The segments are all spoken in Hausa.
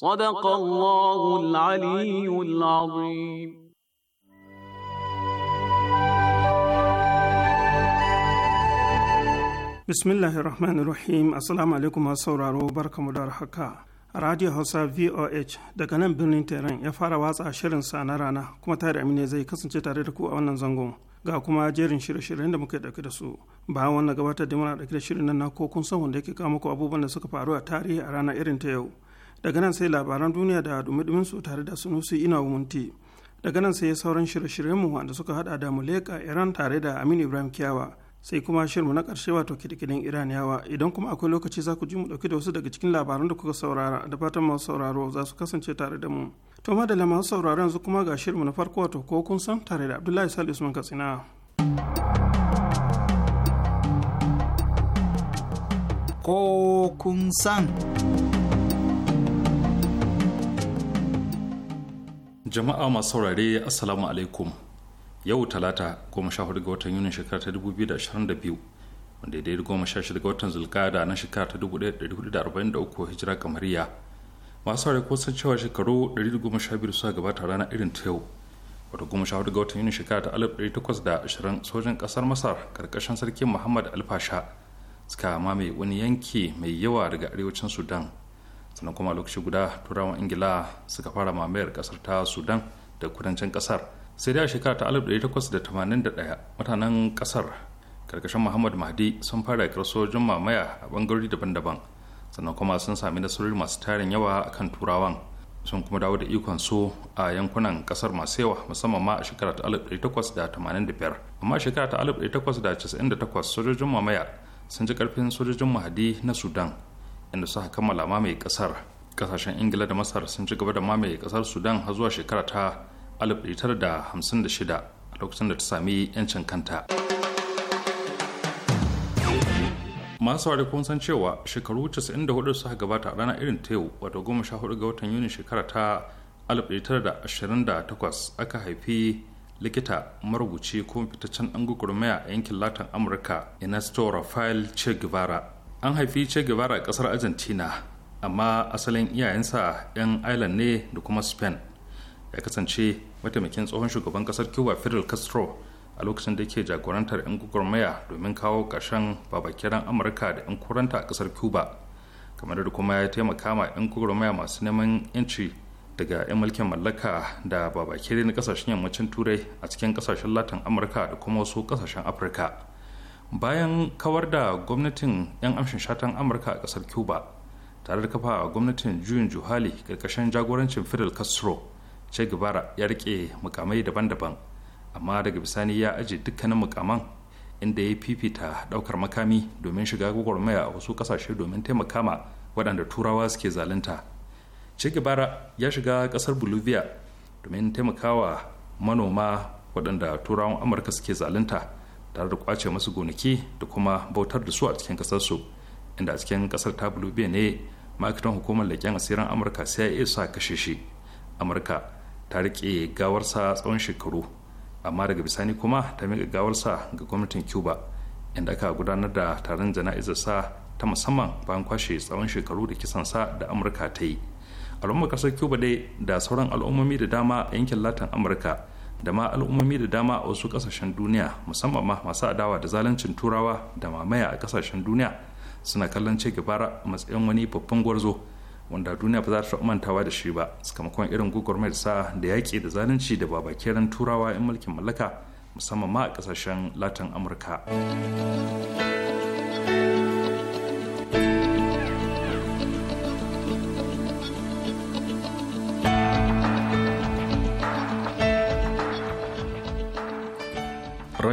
صدق الله العلي العظيم bismillahir rahmanir rahim assalamu alaikum masu sauraro barkamu da haka radio hausa voh daga nan birnin tehran ya fara watsa shirin sa na rana kuma tare amine zai kasance tare da ku a wannan zangon ga kuma jerin shirye-shiryen da muka dauke da su bayan wannan gabatar da muna dauke da shirin nan na ko kun san wanda yake kawo muku abubuwan da suka faru a tarihi a rana irin ta yau daga nan sai labaran duniya da dumi su tare da sunusi ina wumunti daga nan sai sauran shirye-shiryenmu wanda suka hada da muleka iran tare da amin ibrahim kiyawa sai kuma shirmu na karshe wato kidikidin iraniyawa idan kuma akwai lokaci za ku ji mu dauki da wasu daga cikin labaran da kuka saurara da fatan masu sauraro za su kasance tare da mu to da masu sauraro yanzu kuma ga shirmu na farko wato ko kun san tare da abdullahi salisu usman katsina ko kun san jama'a masu saurare assalamu alaikum yau talata goma sha hudu ga watan yunin shekara ta dubu biyu da ashirin da biyu wanda daidai goma sha ga watan zulkada na shekara ta dubu ɗaya da hudu da arba'in da uku hijira kamariya masu saurare ko san cewa shekaru ɗari da sha biyu suka gabata rana irin ta yau wata goma sha hudu ga watan yunin shekara ta alif ɗari takwas da ashirin sojin ƙasar masar karkashin sarki muhammad alfasha suka mamaye wani yanki mai yawa daga arewacin sudan sannan kuma lokaci guda turawan ingila suka fara mamayar kasar ta sudan da kudancin kasar sai dai a shekara ta 1881 mutanen kasar karkashin muhammad mahdi sun fara yakar sojin mamaya a bangarori daban-daban sannan kuma sun sami nasarori masu tarin yawa a kan turawan sun kuma dawo da ikon su a yankunan kasar masu yawa musamman ma a shekara ta 1885 amma shekara ta 1898 sojojin mamaya sun ji karfin sojojin mahdi na sudan inda suka kammala mamaye kasar kasashen ingila da masar sun ci gaba da mamaye kasar sudan har zuwa shekara ta 1956 a lokacin da ta sami yancin kanta masu ware kun san cewa shekaru 94 suka gabata a ranar irin ta yau wato 14 ga watan yuni shekara ta 1928 aka haifi likita marubuci kuma fitaccen an gugurmaya a yankin latin amurka ernesto rafael che guevara an haifi Che Guevara a kasar Argentina amma asalin iyayensa 'yan Ireland ne da kuma Spain ya kasance mataimakin tsohon shugaban kasar Cuba Fidel Castro a lokacin da ke jagorantar 'yan gwagwarmaya domin kawo ƙarshen babakiran Amurka da 'yan kuranta a kasar Cuba kamar da kuma ya taimaka ma 'yan gwagwarmaya masu neman 'yanci daga 'yan mulkin mallaka da babakire na kasashen yammacin turai a cikin kasashen latin amurka da kuma wasu kasashen afirka bayan kawar da gwamnatin 'yan amshin shatan amurka a kasar cuba tare da kafa gwamnatin juyin juhali karkashin jagorancin fidel castro che guevara ya rike mukamai daban-daban amma daga bisani ya aje dukkanin mukaman inda ya fifita daukar makami domin shiga gwagwarmaya a wasu kasashe domin taimakama waɗanda turawa suke zalunta che guevara ya shiga kasar bolivia domin taimakawa manoma waɗanda turawan amurka suke zalunta tare da kwace masu gonaki da kuma bautar da su a cikin kasarsu inda a cikin kasar ta bulubiya ne ma'aikatan hukumar leƙen asirin amurka sai ya sa kashe shi amurka ta riƙe gawarsa tsawon shekaru amma daga bisani kuma ta miƙa gawarsa ga gwamnatin cuba inda aka gudanar da taron jana'izar sa ta musamman bayan kwashe tsawon shekaru da kisan sa da amurka ta yi al'ummar kasar cuba dai da sauran al'ummomi da dama a yankin latin amurka da ma al'ummomi da dama a wasu kasashen duniya musamman ma masu adawa da zalancin turawa da mamaya a kasashen duniya suna kallon ce gabara a matsayin wani babban gwarzo wanda duniya ba za ta mantawa da shi ba sakamakon irin mai sa da yaƙi da zalunci da babakeren turawa 'yan mulkin mallaka musamman ma a kasashen latin amurka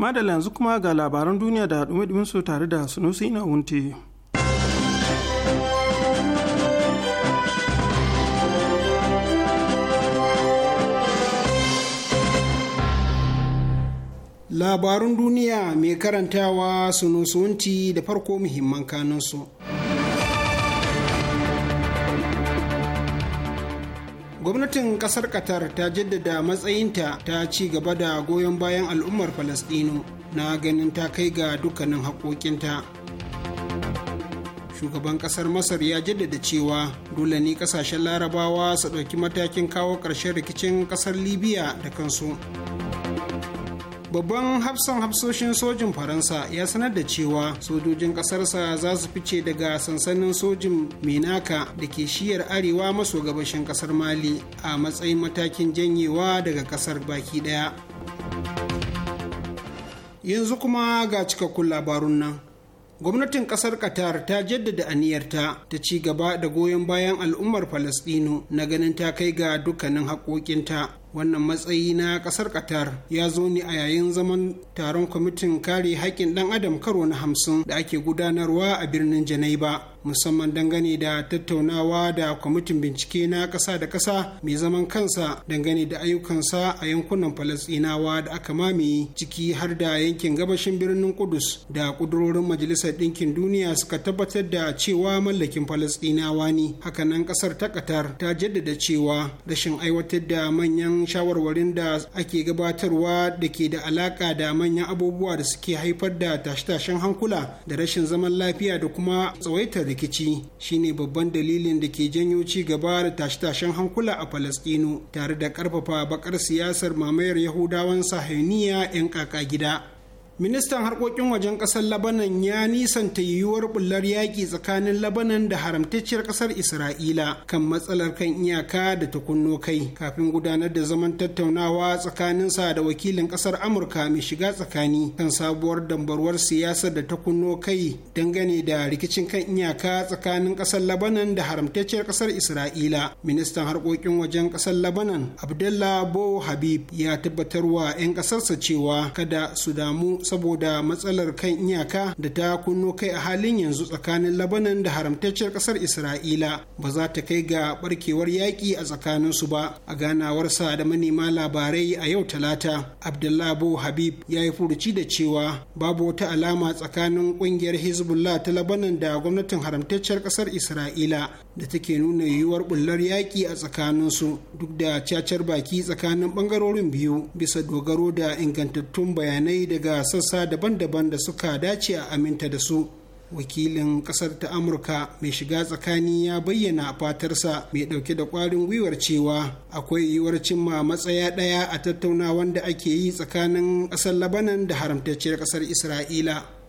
madalla yanzu kuma ga labaran duniya da dumi su tare da sunusi na wunti labarun duniya mai karantawa wunti da farko muhimman kanunsu. gwamnatin kasar qatar ta jaddada matsayinta ta ci gaba da goyon bayan al'ummar falasdino na ganin ta kai ga dukkanin haƙoƙinta shugaban kasar masar ya jaddada cewa dole ne kasashen larabawa su ɗauki matakin kawo ƙarshen rikicin kasar libya da kansu babban hafsan hafsoshin sojin faransa ya sanar da cewa sojojin ƙasarsa za su fice daga sansanin sojin menaka da ke shiyar arewa maso gabashin ƙasar mali a matsayin matakin janyewa daga ƙasar baki ɗaya yanzu kuma ga cikakkun labarun nan gwamnatin kasar qatar ta jaddada aniyarta ta ci gaba da goyon bayan al'ummar falastino na ganin ta kai ga dukkanin haƙoƙinta wannan matsayi na kasar qatar ya zo ne a yayin zaman taron kwamitin kare haƙƙin ɗan adam karo na hamsin da ake gudanarwa a birnin janaiba musamman dangane da tattaunawa da kwamitin bincike na ƙasa da ƙasa mai zaman kansa dangane da ayyukansa a yankunan falasɗinawa da aka mamaye ciki har da yankin gabashin birnin kudus da ƙudurorin majalisar ɗinkin duniya suka tabbatar da cewa mallakin falasɗinawa ne hakanan ƙasar ta ƙatar ta jaddada cewa rashin aiwatar da manyan shawarwarin da ake gabatarwa da ke da alaƙa da manyan abubuwa da suke haifar da tashe-tashen hankula da rashin zaman lafiya da kuma tsawaitar rikici shine babban dalilin da ke janyo ci gaba da tashe-tashen hankula a Falasɗinu tare da ƙarfafa bakar siyasar mamayar Yahudawan sahiniya 'yan kaka gida. ministan harkokin wajen kasar labanan ya nisanta yiwuwar bullar yaƙi tsakanin labanan da haramtacciyar kasar isra'ila kan matsalar kan iyaka da ta kunno kai kafin gudanar da zaman tattaunawa tsakanin sa da wakilin kasar amurka mai shiga tsakani kan sabuwar dambarwar siyasar da ta kunno kai dangane da rikicin kan iyaka tsakanin kasar labanan da haramtacciyar kasar isra'ila ministan harkokin wajen kasar labanan abdullah bo habib ya tabbatarwa 'yan kasarsa cewa kada su damu saboda matsalar kan iyaka da ta kunno kai a halin yanzu tsakanin labanan da haramtacciyar kasar isra'ila ba za ta kai ga barkewar yaƙi a tsakaninsu ba a ganawarsa da manema labarai a yau talata abdullabo habib ya yi furuci da cewa babu wata alama tsakanin ƙungiyar hezbollah ta labanan da gwamnatin haramtacciyar kasar isra'ila da take nuna yiwuwar bullar yaƙi a tsakaninsu duk da cacar baki tsakanin ɓangarorin biyu bisa dogaro da ingantattun bayanai daga sassa daban-daban da suka dace a aminta da su wakilin ƙasar ta amurka mai shiga tsakani ya bayyana fatarsa mai ɗauke da kwarin gwiwar cewa akwai yiwuwar cimma matsaya ɗaya a tattaunawan da ake yi tsakanin ƙasar labanan da haramtacciyar ƙasar isra'ila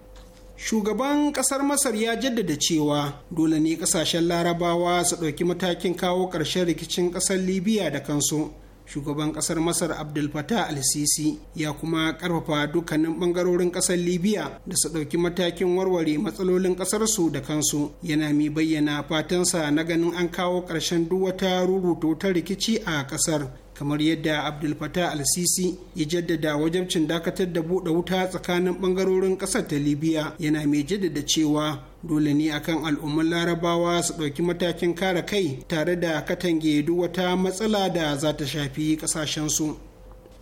shugaban kasar masar ya jaddada cewa dole ne kasashen larabawa su ɗauki matakin kawo ƙarshen rikicin ƙasar libya da kansu shugaban kasar masar abdul fatah al-sisi ya kuma ƙarfafa dukkanin ɓangarorin ƙasar libya da su ɗauki matakin warware matsalolin ƙasarsu da kansu yana mai bayyana fatansa na ganin an kawo ƙarshen duk wata rubutu ta rikici a ƙasar. kamar yadda abdul fatah al-sisi ya jaddada wajabcin dakatar da buɗe wuta tsakanin ɓangarorin ƙasar ta libya yana mai jaddada cewa dole ne akan al'umman larabawa su ɗauki matakin kare kai tare da katange duk wata matsala da za ta shafi ƙasashensu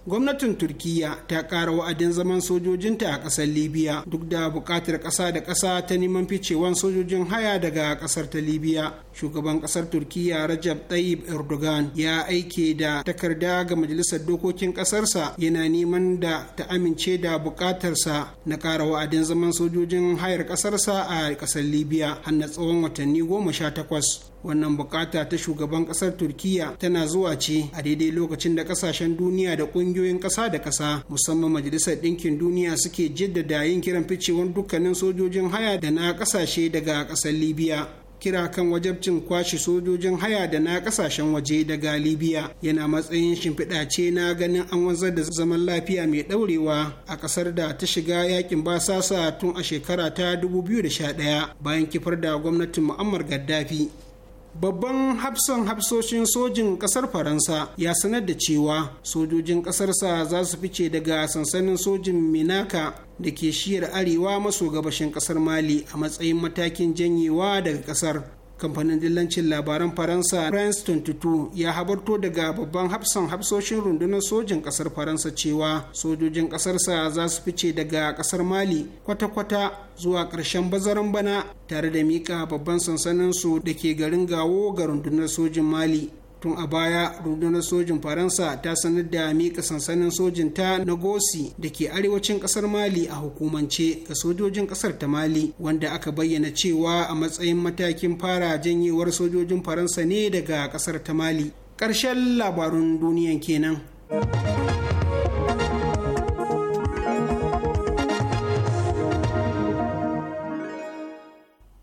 gwamnatin turkiya ta kara wa'adin zaman sojojinta a ƙasar libya duk da buƙatar ƙasa da ƙasa ta neman ficewan sojojin haya daga ƙasar ta libya shugaban ƙasar turkiya rajab tayyip erdogan ya aike da takarda ga majalisar dokokin ƙasarsa yana neman da ta amince da buƙatarsa na kara wa'adin zaman sojojin hayar ƙasarsa a ƙasar libya har na tsawon watanni goma sha takwas wannan bukata ta shugaban kasar turkiya tana zuwa ce a daidai lokacin da kasashen duniya da kungiyoyin kasa da kasa musamman majalisar ɗinkin duniya suke jaddada yin kiran ficewar dukkanin sojojin haya da na kasashe daga kasar libya kira kan wajabcin kwashe sojojin haya da na kasashen waje daga libya yana matsayin shimfiɗa ce na ganin an wanzar da zaman lafiya mai ɗaurewa a ƙasar da ta shiga yakin basasa tun a shekara ta 2011 bayan kifar da gwamnatin mu'ammar gaddafi babban hafsan hafsoshin sojin kasar faransa ya sanar da cewa sojojin kasarsa za su fice daga sansanin sojin minaka da ke shiyar arewa maso gabashin kasar mali a matsayin matakin janyewa daga kasar kamfanin dillancin labaran faransa france 22 ya habarto daga babban hafsan hafsoshin rundunar sojin kasar faransa cewa sojojin kasarsa za su fice daga kasar mali kwata-kwata zuwa ƙarshen bazaran bana tare da miƙa babban sansaninsu da ke garin gawo ga rundunar sojin mali tun a baya rundunar sojin faransa ta sanar da miƙa sansanin sojin ta na gosi da ke arewacin ƙasar mali a hukumance ga sojojin ƙasar ta mali wanda aka bayyana cewa a matsayin matakin fara janyewar sojojin faransa ne daga ƙasar ta mali ƙarshen labarun duniyan kenan.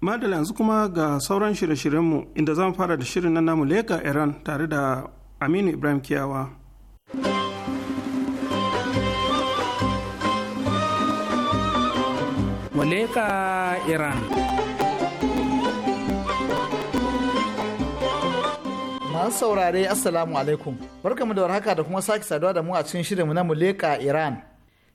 madala yanzu kuma ga sauran shirye-shiryenmu inda zan fara da shirin na namu leka iran tare da aminu ibrahim kiyawa Waleka Iran. Masu saurare Assalamu alaikum. Barkamu da warhaka da kuma sake saduwa da mu a cikin shirin shirinmu na Muleka Iran.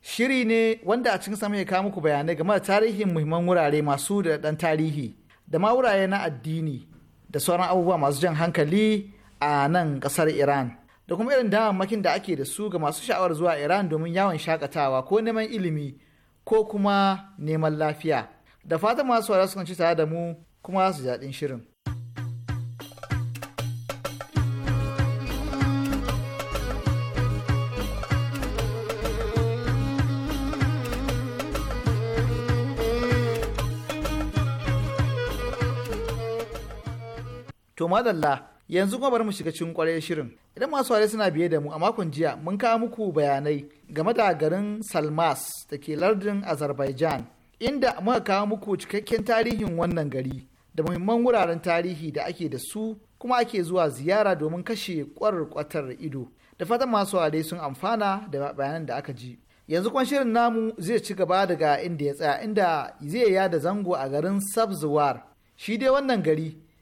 shiri ne wanda a cikin sama ya kawo muku bayanai game da tarihin muhimman wurare masu da dan tarihi da ma wurare na addini da sauran abubuwa masu jan hankali a nan kasar Iran da kuma irin damammakin da ake da su ga masu sha'awar zuwa Iran domin yawon shakatawa ko neman ilimi ko kuma neman lafiya da fatan masu wara sukan ci tare da mu kuma su daɗin shirin. To madalla yanzu kuma bari mu shiga cikin kwarai shirin. Idan masu ware suna biye da mu a makon jiya mun kawo muku bayanai game da garin Salmas da ke lardin Azerbaijan inda muka kawo muku cikakken tarihin wannan gari da muhimman wuraren tarihi da ake da su kuma ake zuwa ziyara domin kashe kwarkwatar ido. Da fatan masu ware sun amfana da bayanan da aka ji. Yanzu kuma shirin namu zai ci gaba daga inda ya tsaya inda zai yada zango a garin Sabzuwar. Shi dai wannan gari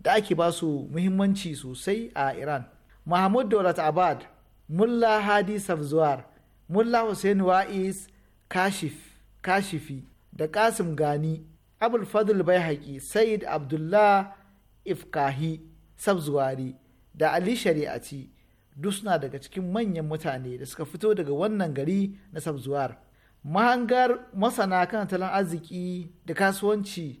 da ake ba su muhimmanci sosai a iran mahmud daulat abad mulla hadi safzuwar mulla hussein wa'is kashif kashifi da kasim gani abul fadl bai said abdullah ifkahi sabzuwari da ali shari'aci duk daga cikin manyan mutane da suka fito daga wannan gari na sabzuwar mahangar masana kan tattalin arziki da kasuwanci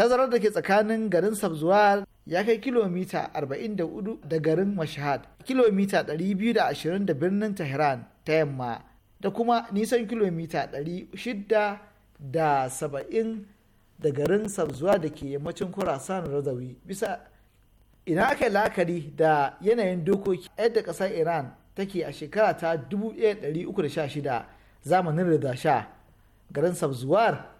tazarar da ke tsakanin garin sabzuwar ya kai kilomita 44 da garin mashahad kilomita 220 da birnin tehran ta yamma da kuma nisan kilomita 600 da 70 da garin sabzuwa da ke yammacin kurasan razawi bisa ina aka yi la'akari da yanayin dokoki yadda ƙasar iran take a shekara ta 1316 zamanin rida sha garin sabzuwar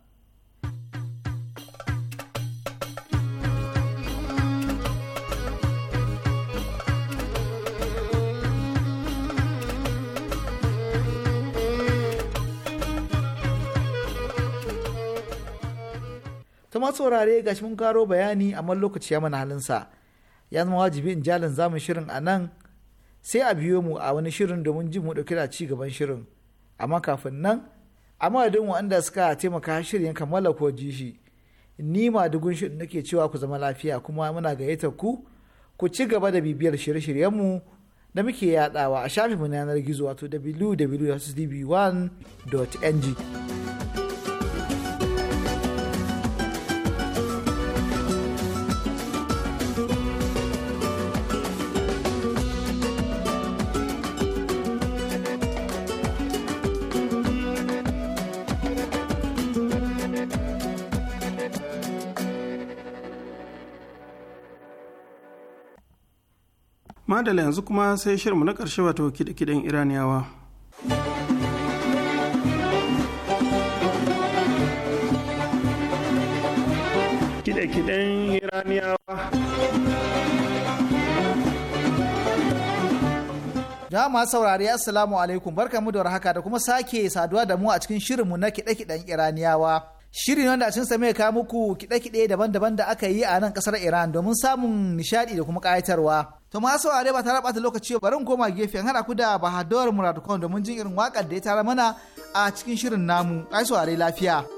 zama saurare ga mun karo bayani amma lokaci ya mana halinsa ya zama wajibi in jalin zamun shirin a nan sai a biyo mu a wani shirin domin jin mu dauki da ci gaban shirin amma kafin nan a madadin wanda suka taimaka shirin kammala ko ji ni ma dugun shirin nake cewa ku zama lafiya kuma muna gayyatar ku ku ci gaba da bibiyar shirye shiryen mu da muke yadawa a shafinmu na yanar gizo wato dot 1ng madala yanzu kuma sai shirmu na ƙarshe wato kiɗe iraniyawa kiɗe-kiɗen iraniyawa Jama'a masu saurari Assalamu alaikum barkamu da warhaka da kuma sake saduwa da mu a cikin shirinmu na kiɗe-kiɗen Iraniyawa. shirin wanda a cinsa mai kawo muku kiɗe-kiɗe daban-daban da aka yi a nan ƙasar Iran domin samun nishaɗi da kuma ƙayatarwa. To masu saurare ba tare ɓata lokaci bari in koma gefe an haɗa ku da Bahadur Muradu Khan domin jin irin wakar da ya tara mana a cikin shirin namu. Ai lafiya. lafiya.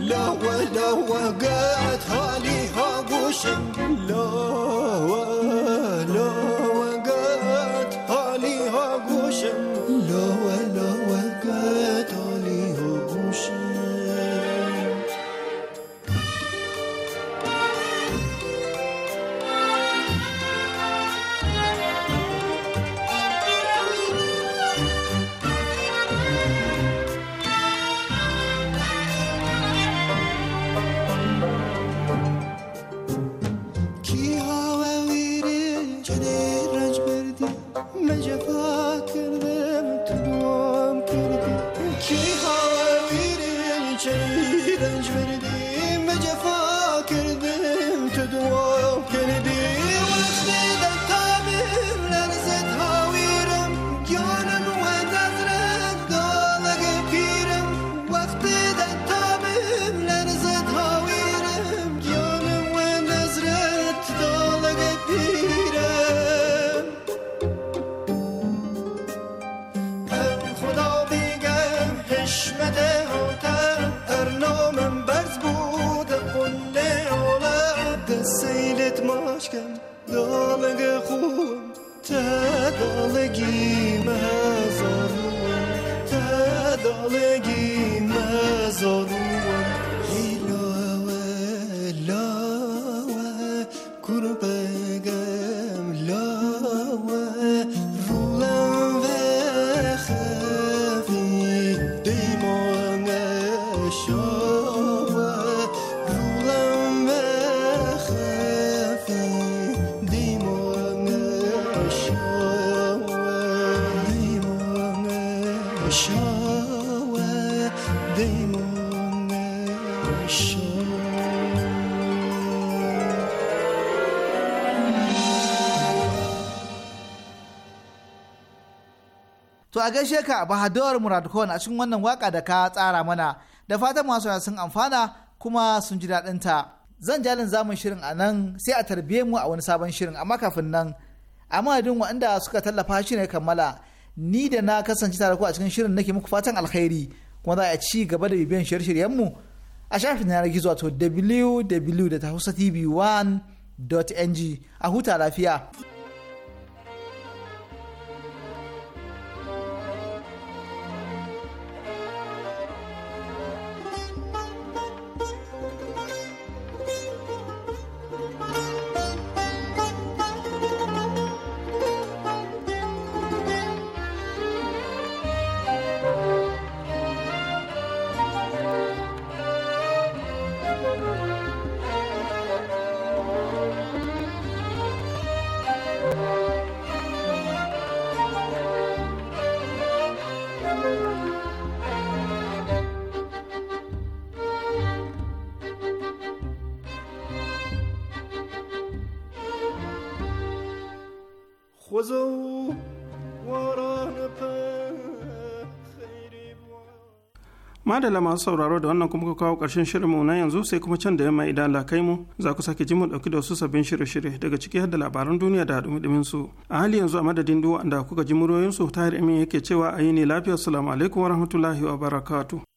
لا ولا وقعت هالي هابوش لا To a gaishe ka Bahadur Murad Khan a cikin wannan waka da ka tsara mana da fatan masu sun amfana kuma sun ji daɗin ta. Zan jalin zamun shirin a nan sai a tarbiye mu a wani sabon shirin amma kafin nan a madadin waɗanda suka tallafa shi ne kammala ni da na kasance tare ku a cikin shirin nake muku fatan alkhairi kuma za a ci gaba da bibiyan shirye mu a shafin yanar gizo wato www.hausatv1.ng a huta lafiya. madala masu sauraro da wannan kuma ka kawo ƙarshen shirinmu na yanzu sai kuma can da yamma idan lakai mu za ku sake ji mu ɗauki da wasu sabbin shirye-shirye daga ciki har da labaran duniya da haɗumi su a hali yanzu a madadin duwa da kuka ji su tahir amin yake cewa a yi ne lafiya salamu alaikum wa barakatu.